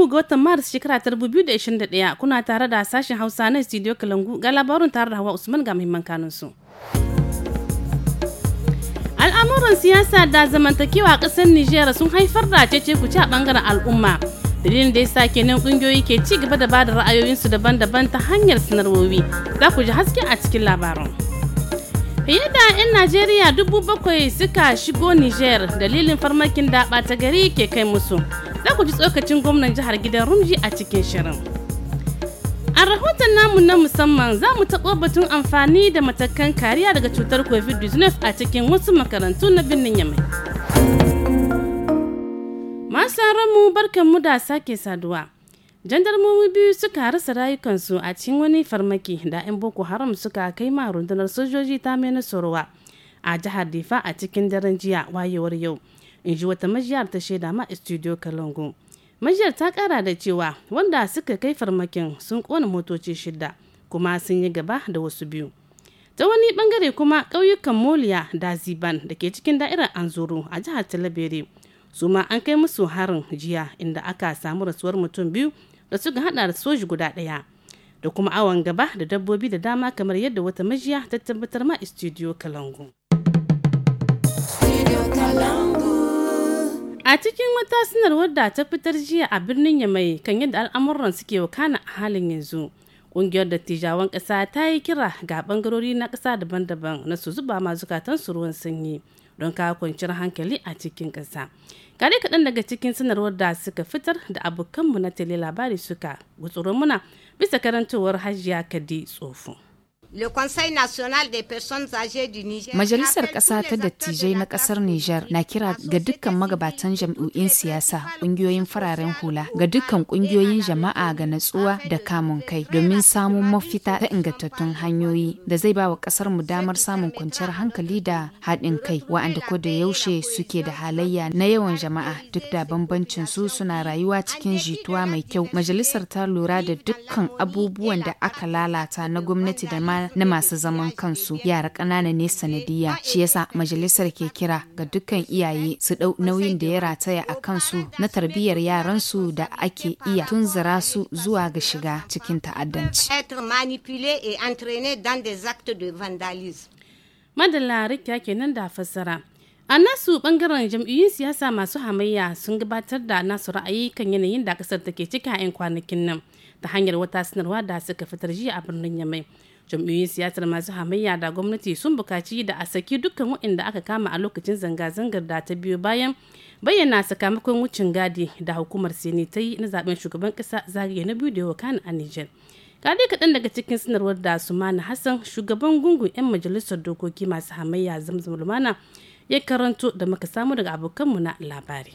uku ga watan maris shekara ta ɗaya kuna tare da sashen hausa na studio kalangu ga labarin tare da hawa usman ga muhimman kanunsu al'amuran siyasa da zamantakewa a ƙasar nijar sun haifar da cece ku a bangaren al'umma dalilin da ya sa kenan kungiyoyi ke ci gaba da ba da ra'ayoyinsu daban-daban ta hanyar sanarwowi za ku ji haske a cikin labarin fiye da 'yan najeriya dubu bakwai suka shigo niger dalilin farmakin daɓa ta gari ke kai musu za ku ji tsokacin gwamnan jihar gidan rumji a cikin shirin a rahoton namu na musamman za mu taɓo batun amfani da matakan kariya daga cutar covid-19 a cikin wasu makarantu na birnin yamai masu mu barkan mu da sake saduwa jandarmomi biyu suka rasa rayukansu a cikin wani farmaki da 'yan boko haram suka kai ma rundunar sojoji ta mai nasarwa a jihar difa a cikin daren jiya wayewar yau in ji wata majiyar ta shaida ma studio kalangu majiyar ta kara da cewa wanda suka kai farmakin sun kona motoci shida kuma sun yi gaba da wasu biyu ta wani bangare kuma ƙauyukan moliya da ziban da ke cikin da'irar anzoro a jihar talabere su ma an kai musu harin jiya inda aka samu rasuwar mutum biyu da suka hada da soji guda ɗaya da kuma awon gaba da dabbobi da dama kamar yadda wata majiya ta tabbatar ma studio kalangu. Studio kalangu. a cikin wata sanarwar da ta fitar jiya a birnin yamai kan yadda al'amuran suke wakana a halin yanzu kungiyar dattijawan ƙasa ta yi kira ga bangarori na ƙasa daban-daban na su zuba ma su ruwan sanyi don kawo kwanciyar hankali a cikin ƙasa kare kaɗan daga cikin sanarwar da suka fitar da abokanmu na tele labari suka gutsuro muna bisa karantowar hajiya kadi tsofo Majalisar ƙasa ta dattijai na ƙasar Nijar na kira ga dukkan magabatan jam'u'in siyasa, ƙungiyoyin fararen hula, ga dukkan ƙungiyoyin jama'a ga natsuwa da kamun kai domin samun mafita ta ingantattun hanyoyi da zai ba wa ƙasar mu damar samun kwanciyar hankali da haɗin kai wa'anda ko da yaushe suke da halayya na yawan jama'a duk da bambancin su suna rayuwa cikin jituwa mai kyau. Majalisar ta lura da dukkan abubuwan da aka lalata na gwamnati da ma na masu zaman kansu yara ƙanana ne sanadiyya shi yasa majalisar ke kira ga dukkan iyaye su ɗau nauyin da ya rataya a kansu na tarbiyyar yaransu da ake iya tun zara su zuwa ga shiga cikin ta'addanci. Madalla Rikiya kenan da fassara. A nasu bangaren jam'iyyun siyasa masu hamayya sun gabatar da nasu ra'ayi kan yanayin da kasar take ciki a 'yan kwanakin nan ta hanyar wata sanarwa da suka fitar jiya a birnin Yamai. jam'iyyun siyasar masu hamayya da gwamnati sun bukaci da a saki dukkan waɗanda aka kama a lokacin zanga-zangar da ta biyo bayan bayyana sakamakon wucin gadi da hukumar sini ta yi na zaben shugaban ƙasa zagaye na biyu da yawa kan a nijar kadai kaɗan daga cikin sanarwar da sumana hassan shugaban gungun 'yan majalisar dokoki masu hamayya zamzam lumana ya karanto da muka samu daga abokanmu na labari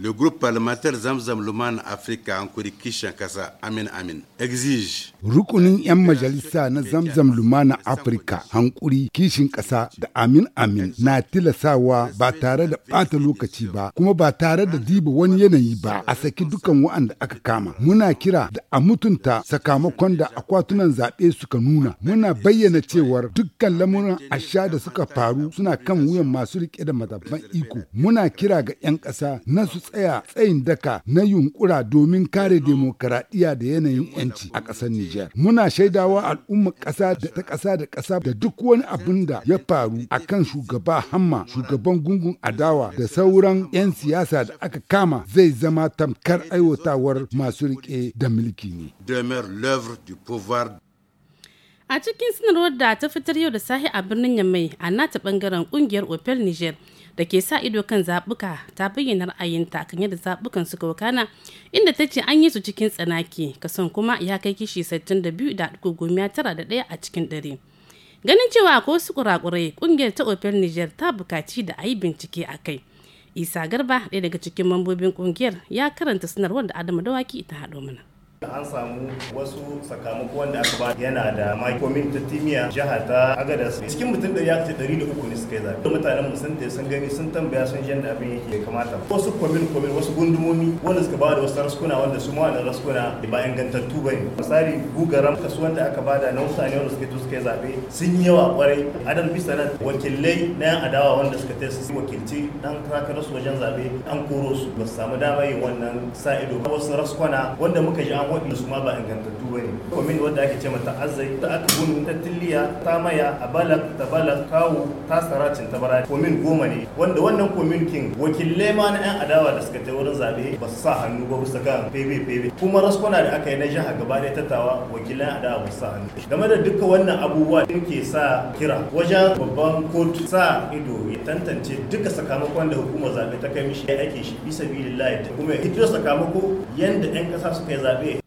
le groupe parlementaire zamzam luman africa en kishin kasa amin amin exige rukunin 'yan majalisa na zamzam lumana afirka hankuri kishin kasa da amin amin na tilasawa ba tare da bata lokaci ba kuma ba tare da diba wani yanayi ba a saki dukan wa'anda aka kama muna kira da a mutunta sakamakon da akwatunan zaɓe suka nuna muna bayyana cewar dukkan lamuran asha da suka faru suna kan wuyan masu riƙe da madabban iko muna kira ga 'yan ƙasa na su tsaya tsayin daka na yunkura domin kare demokaradiyya da yanayin yanci a ƙasar Nijar. Muna shaidawa al'umma ƙasa da ta ƙasa da ƙasa da duk wani abin da ya faru a kan shugaba Hamma, shugaban gungun adawa da sauran 'yan siyasa da aka kama zai zama tamkar aiwatawar masu riƙe da mulki ne. A cikin sanarwar da ta fitar yau da sahi a birnin Yamai a nata ɓangaren ƙungiyar Opel Niger da ke sa ido kan zaɓuka ta bayyana ra'ayinta kan yadda zabukan suka wakana inda ta ce an yi su cikin tsanaki kason kuma ya kai kishi da da tara ɗaya a cikin dare. Ganin cewa ko su kurakurai ƙungiyar ta ofel Niger ta bukaci da a yi bincike a kai. Isa Garba ɗaya daga cikin mambobin ƙungiyar, ya karanta sanarwar da Adamu Dawaki ta haɗo mana. an samu wasu sakamako wanda aka ba yana da makomin ta timiya jihar ta agadas cikin mutum da ya ce ɗari da uku ne suka yi zaɓe mutanen mu sun sun gani sun tambaya sun jan da abin yake kamata wasu komin komin wasu gundumomi wanda suka ba da wasu raskuna wanda su ma raskuna ba ingantattu ba ne misali gugaran kasuwan da aka bada na mutane wanda suka suka yi zaɓe sun yi yawa kwarai adam bisa nan wakilai na yan adawa wanda suka ta su wakilci dan takarar su wajen zaɓe an koro su ba su samu dama yin wannan sa ido wasu raskuna wanda muka ji an waɗanda su ma ba ingantattu ba ne domin wadda ake ce mata azai ta aka gunu ta tilliya ta maya a balak ta balak kawo ta saracin ta bara komin goma ne wanda wannan komin kin wakilai ma na yan adawa da suka je wurin zaɓe ba su sa hannu ba bisa kan febe febe kuma raskuna da aka yi na jiha gaba ɗaya tattawa wakilan adawa ba su sa hannu game da duka wannan abubuwa da ke sa kira wajen babban kotu sa ido ya tantance duka sakamakon da hukumar zaɓe ta kai mishi ya ake shi bisa bilillahi kuma ya hito sakamako yanda yan ƙasa suka yi zaɓe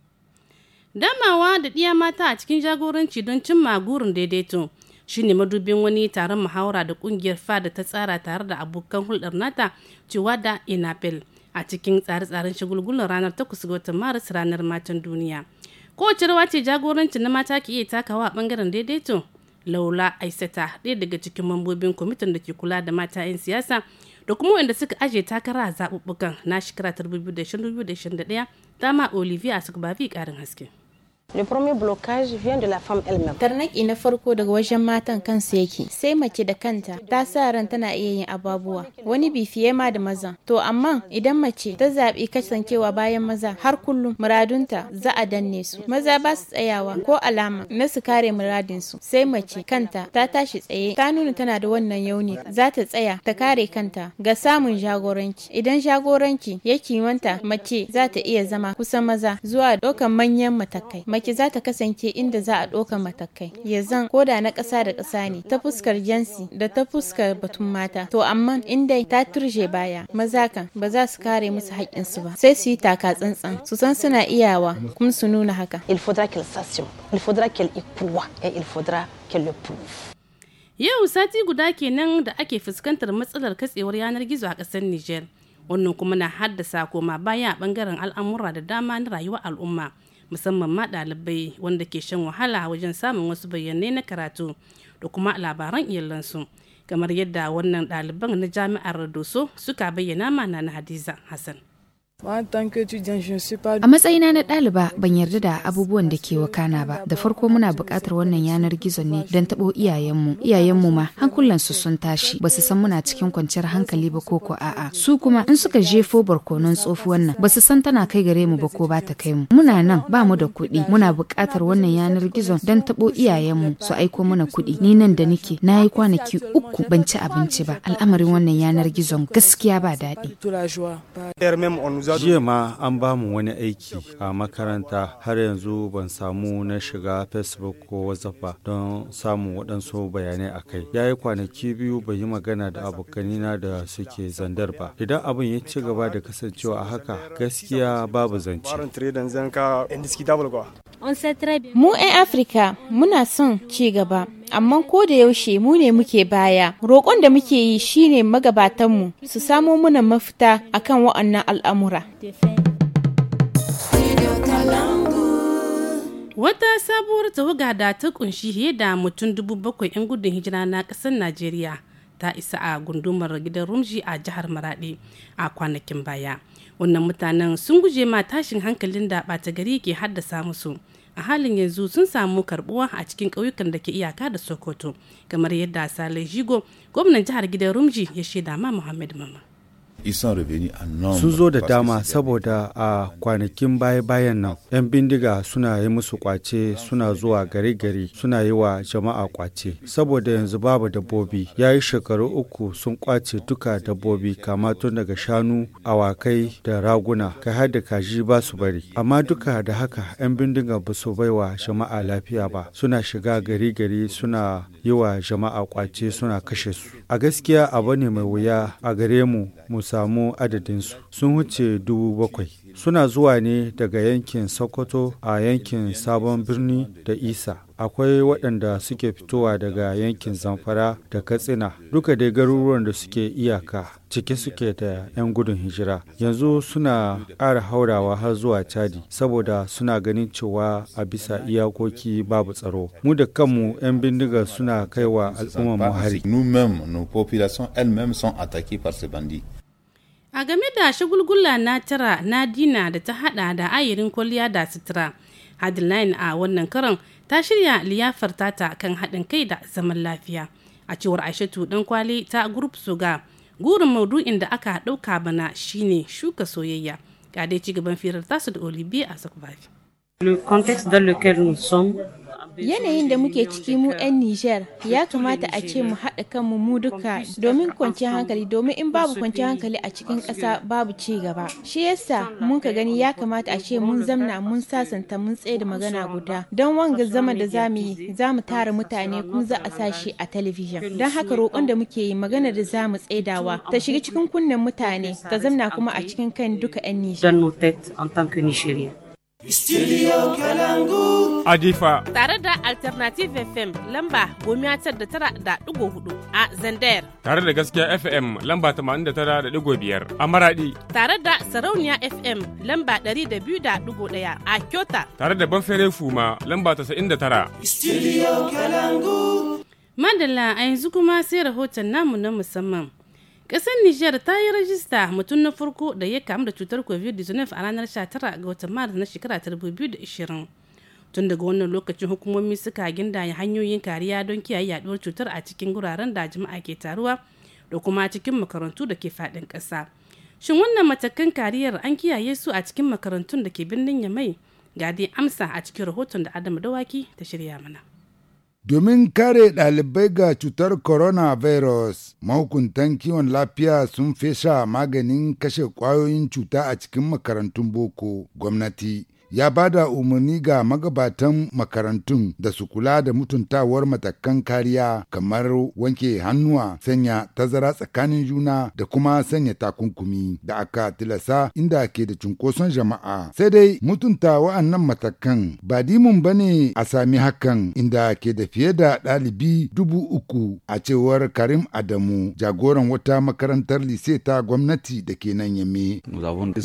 damawa da ɗiya mata a cikin jagoranci don cimma gurin daidaito shine madubin wani taron muhawara da ƙungiyar fada ta tsara tare da abokan hulɗar nata cewa da inapel a cikin tsare-tsaren shagulgulan ranar 8 ga watan maris ranar matan duniya kowace rawa ce jagoranci na mata ke iya takawa a bangaren daidaito laula aisata ɗaya daga cikin mambobin kwamitin da ke kula da mata 'yan siyasa da kuma wanda suka aje takara a zaɓuɓɓukan na shekara 2021 dama olivia asukbavi ƙarin haske Le premier blocage vient de la femme elle-même. Tarnaki na farko daga wajen matan kansu yake. Sai mace da kanta ta sa ran tana iya yin ababuwa. Wani bi ma da maza. To amma idan mace ta zaɓi kasancewa bayan maza har kullum muradunta za a danne su. Maza ba su tsayawa ko alama na su kare muradinsu. Sai mace kanta ta tashi tsaye ta nuna tana da wannan yauni za ta tsaya ta kare kanta ga samun jagoranci. Idan jagoranci ya wanta mace za ta iya zama kusa maza zuwa ɗaukan manyan matakai. Shamaki za ta kasance inda za a ɗauka matakai, ya zan koda na ƙasa da ƙasa ne, ta fuskar jinsi da ta fuskar batun mata. To amma inda ta turje baya, maza kan ba za su kare musu haƙƙinsu ba, sai su yi taka tsantsan, su san suna iyawa kuma su nuna haka. Il faudra qu'elle s'assume, il faudra qu'elle y croit et il le prouve. Yau sati guda kenan da ake fuskantar matsalar katsewar yanar gizo a ƙasar Nijar. Wannan kuma na haddasa koma baya a ɓangaren al'amura da dama na rayuwar al'umma. musamman ma ɗalibai wanda ke shan wahala wajen samun wasu bayanai na karatu da kuma labaran iyalansu kamar yadda wannan ɗaliban na jami'ar doso suka bayyana mana na hadiza hassan A matsayina na ɗaliba ban yarda da abubuwan da ke wakana ba, da farko muna buƙatar wannan yanar gizo ne don taɓo iyayenmu. Iyayenmu ma hankulansu sun tashi, ba su san muna cikin kwanciyar hankali ba koko a'a. Su kuma in suka jefo barkonon tsofi wannan ba su san tana kai gare mu ba ko ba ta kai mu. Muna nan ba mu da kuɗi, muna buƙatar wannan yanar gizo don taɓo iyayenmu su aiko mana kuɗi. Ni nan da nake, na yi kwanaki uku ban ci abinci ba. Al'amarin wannan yanar gizon gaskiya ba daɗi. Jiya ma an ba mu wani aiki a makaranta har yanzu ban samu na shiga Facebook ko WhatsApp ba don samun waɗansu bayanai a kai. Ya yi kwanaki biyu bai yi magana da abokanina da suke zandar ba. Idan abin ya ci gaba da kasancewa a haka gaskiya babu zance. Mu 'yan Afirka muna son ci gaba amma ko da yaushe mu ne muke baya roƙon da muke yi shine magabatanmu su samo muna mafita akan wa'annan al'amura Wata sabuwar tawaga da ta kunshi fiye da mutum dubu bakwai 'yan gudun hijira na ƙasar Najeriya ta isa a gundumar gidan Rumji a jihar Maraɗi a kwanakin baya. Wannan mutanen sun guje ma tashin hankalin da ɓata gari ke haddasa musu. a halin yanzu sun samu karbuwa a cikin ƙauyukan da ke iyaka da sokoto kamar yadda sale jigo gwamnan jihar gidan rumji ya shaida ma muhammad mama sun zo da dama saboda a kwanakin baya-bayan nan 'yan bindiga suna yi musu kwace suna zuwa gari-gari suna yi wa jama'a kwace saboda yanzu babu dabbobi ya yi shekaru uku sun kwace duka dabbobi kama tun daga shanu awakai da raguna kai har da kaji ba su bari amma duka da haka 'yan bindiga ba su baiwa jama'a lafiya ba suna shiga gari-gari suna yi wa jama'a kwace suna kashe su a gaskiya abu ne mai wuya a gare mu mu samu adadinsu sun wuce dubu bakwai suna zuwa ne daga yankin Sokoto a yankin Sabon Birni da Isa. Akwai waɗanda suke fitowa daga yankin Zamfara da Katsina, duka dai garuruwan da suke iyaka ciki suke da 'yan gudun hijira. Yanzu suna ƙara haurawa har zuwa cadi saboda suna ganin cewa a bisa iyakoki babu tsaro. Mu da kanmu 'yan bindiga suna kaiwa al'ummar mahari hari. a game da shagulgula na tara na dina da ta hada da ayirin kwalliya da sutura hadline a wannan karon ta shirya liyafar tata kan haɗin kai da zaman lafiya a cewar aishatu dan kwali ta gurup suga gurin maudu'in da aka ɗauka bana shine shuka soyayya ga dai ci gaban firar tasu da olibi a sakwafi le contexte dans lequel nous sommes Yanayin da muke ciki mu 'yan Nijar ya kamata a ce mu haɗa kanmu mu duka domin kwanciyar hankali domin in babu kwanciyar hankali a cikin ƙasa babu ci gaba. Shi yasa mun ka gani ya kamata a ce mun zamna mun sasanta mun tsaye da magana guda don wanga zama da za mu yi za mu tara mutane kuma za a sa shi a talabijin. Don haka roƙon da muke yi magana da za mu tsaidawa ta shiga cikin kunnen mutane ta zamna kuma a cikin kan duka 'yan Nijar. Studio Kalangu. Adifa. Tare da Alternative FM lamba gomiya tar da tara da digo hudu a zander. Tare da gaskiya FM lamba tamanin da tara da digo biyar a Maradi. Tare da Sarauniya FM lamba ɗari da biyu da digo ɗaya a Kyota. Tare da Banfere Fuma lamba tasa'in da tara. Studio Kalangu. Madalla a yanzu kuma sai rahoton namu na musamman. Ƙasar Nijar ta yi rajista mutum na farko da ya kamu da cutar COVID-19 a ranar 19 ga watan Maris na shekara 2020. Tun daga wannan lokacin hukumomi suka gindaya hanyoyin kariya don kiyaye yaduwar cutar a cikin guraren da jama'a ke taruwa da kuma cikin makarantu da ke fadin kasa Shin wannan matakan kariyar an kiyaye su a cikin makarantun da ke birnin Yamai? Ga amsa a cikin rahoton da Adamu Dawaki ta shirya mana. Domin kare ɗalibai ga cutar coronavirus, mahukuntan kiwon lafiya sun fesha maganin kashe ƙwayoyin cuta a cikin makarantun boko gwamnati. ya ba da umarni ga magabatan makarantun da su kula da mutuntawar matakan kariya kamar wanke hannuwa sanya tazara tsakanin juna da kuma sanya takunkumi da aka tilasa inda ke da cunkoson jama'a sai dai mutunta wa'annan matakan ba dimun ba ne a sami hakan inda ke da fiye da ɗalibi dubu uku a cewar karim adamu jagoran wata makarantar lise ta gwamnati da ke nan yame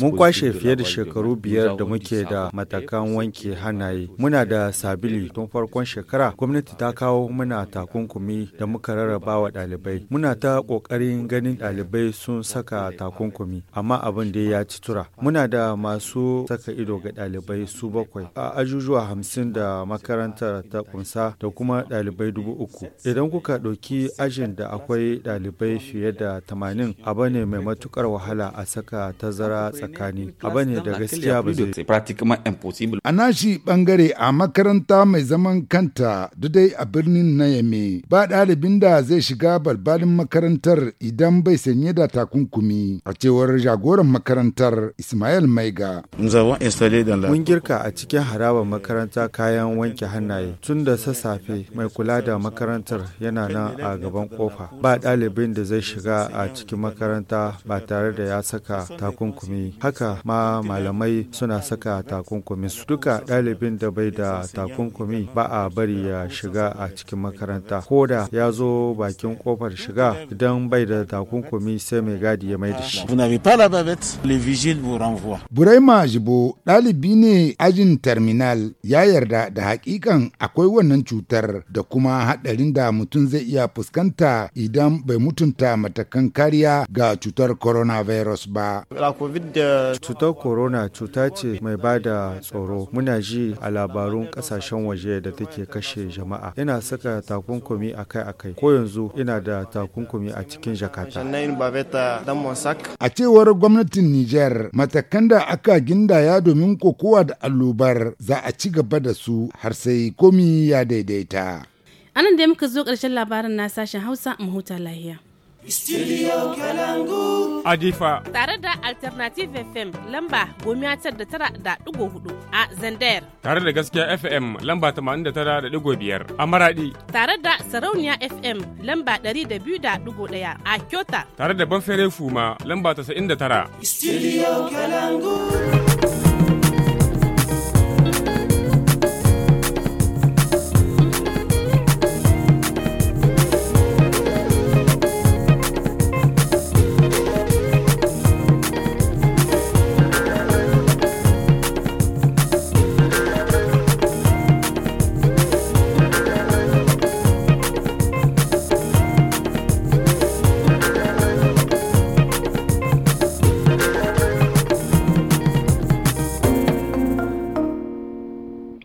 mun kwashe fiye da shekaru biyar da muke da matakan wanke hannaye. Muna da sabili tun farkon shekara gwamnati ta kawo muna takunkumi da muka rarraba wa ɗalibai. Muna ta ƙoƙarin ganin ɗalibai sun saka takunkumi amma abin da ya ci tura. Muna da masu saka ido ga ɗalibai su bakwai a ajujuwa hamsin da makarantar ta kunsa da kuma ɗalibai dubu uku. Idan kuka ɗauki ajin da akwai ɗalibai fiye da tamanin abu ne mai matukar wahala a saka tazara tsakani abu ne da gaskiya ba zai impossible. A nashi bangare a makaranta mai zaman kanta da dai a birnin na Nayame ba ɗalibin da zai shiga balbalin makarantar idan bai sanye da takunkumi a cewar jagoran makarantar Ismail Maiga. Mun girka a cikin harabar makaranta kayan wanke hannaye tun da sassafe mai kula da makarantar yana nan a gaban kofa ba ɗalibin da zai shiga a cikin makaranta ba tare da ya saka takunkumi haka ma malamai suna saka takunkumi. takunkumi su duka ɗalibin da bai da takunkumi ba a bari ya shiga a cikin makaranta ko da ya zo bakin kofar shiga idan bai da takunkumi sai mai gadi ya mai da shi buraima jibo ɗalibi ne ajin terminal ya yarda da hakikan akwai wannan cutar da kuma haɗarin da mutum zai iya fuskanta idan bai mutunta matakan kariya ga cutar coronavirus ba. Euh, cutar corona cuta ce mai ba da tsoro muna ji a labarun kasashen waje da take kashe jama'a ina saka takunkumi akai-akai ko yanzu ina da takunkumi a cikin jakata a cewar gwamnatin niger matakan da aka gindaya domin kokowa da allobar za a ci gaba da su har sai komi ya daidaita anan da muka zo karshen labarin na sashen hausa mahuta huta lahiya Studio Kalangu. Adifa. Tare da Alternative FM lamba goma tar da tara da ɗigo hudu a zander. Tare da gaskiya FM lamba tamanin da tara da ɗigo biyar a Maradi. Tare da Sarauniya FM lamba ɗari da biyu da ɗigo ɗaya a Kyota. Tare da Banfere Fuma lamba tasa'in da tara. Studio Kalangu.